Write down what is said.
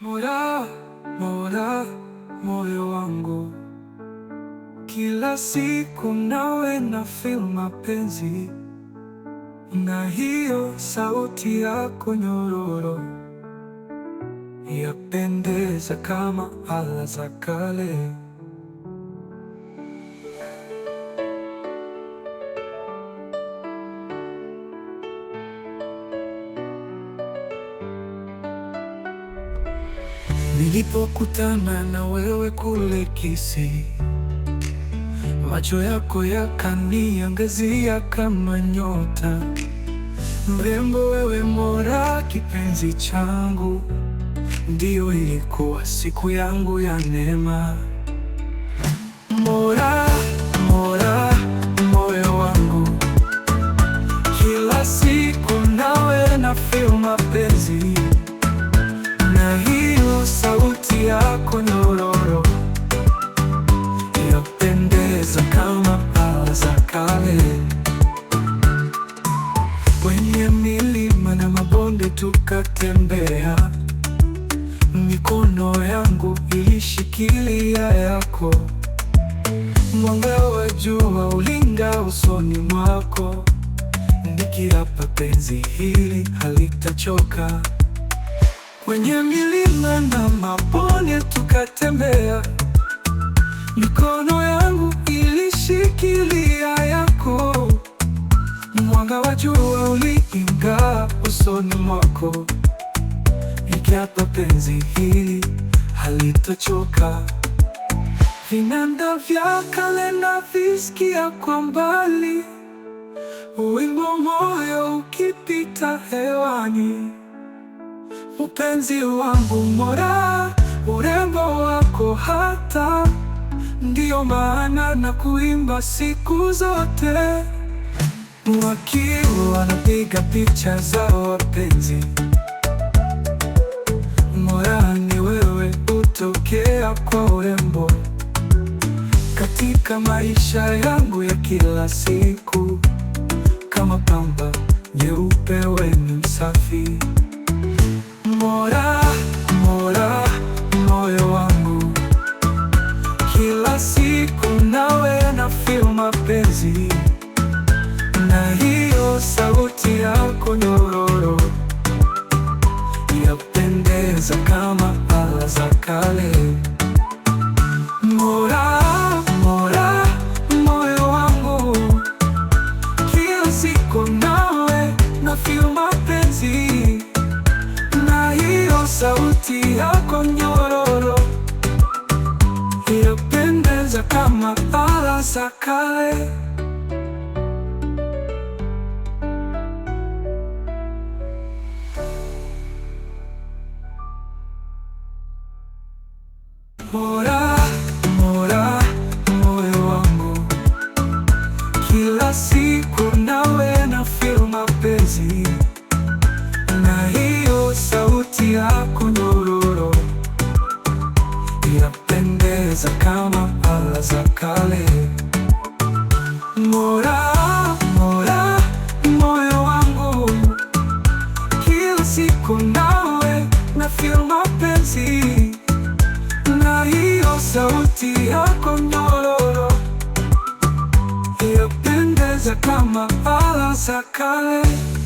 Mola, Mola, moyo wangu, kila siku nawe na feel mapenzi na hiyo sauti yako nyororo yapendeza kama ala za kale. Nilipokutana na wewe kule Kisii, macho yako yakaniangazia kama nyota. Mrembo wewe, mora kipenzi changu, ndiyo ilikuwa siku yangu ya neema. Mora, mora moyo wangu, kila siku tukatembea, mikono yangu ilishikilia yako, mwanga wa jua ulinga usoni mwako, nikiapa penzi hili halitachoka. Kwenye milima na mabonde tukatembea, mikono yangu usoni mwako. Nikiapa penzi hili halitachoka. Vinanda vya kale na navisikia kwa mbali, wimbo moyo ukipita hewani. Upenzi wangu mora, urembo wako hata, ndiyo maana na kuimba siku zote wakiwa wanapiga picha zao wapenzi, morani wewe hutokea kwa urembo katika maisha yangu ya kila siku. sauti yako nyororo inapendeza kama ala za kale. za kama ala za kale. Mola, Mola, moyo wangu kila siku nawe na feel mapenzi na hiyo sauti yako nyororo yapendeza kama ala za kale.